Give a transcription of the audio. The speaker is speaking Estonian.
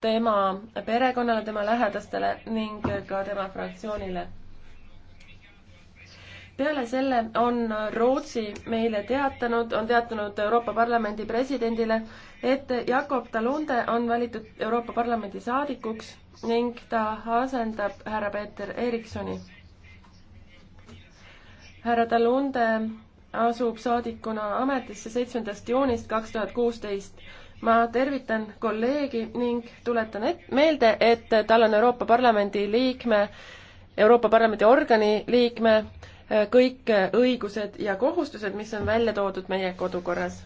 tema perekonnale, tema lähedastele ning ka tema fraktsioonile. peale selle on Rootsi meile teatanud, on teatanud Euroopa Parlamendi presidendile, et Jakob Talunde on valitud Euroopa Parlamendi saadikuks ning ta asendab härra Peeter Eriksoni. härra Talunde asub saadikuna ametisse seitsmendast juunist kaks tuhat kuusteist ma tervitan kolleegi ning tuletan et-, meelde, et tal on Euroopa Parlamendi liikme, Euroopa Parlamendi organi liikme kõik õigused ja kohustused, mis on välja toodud meie kodukorras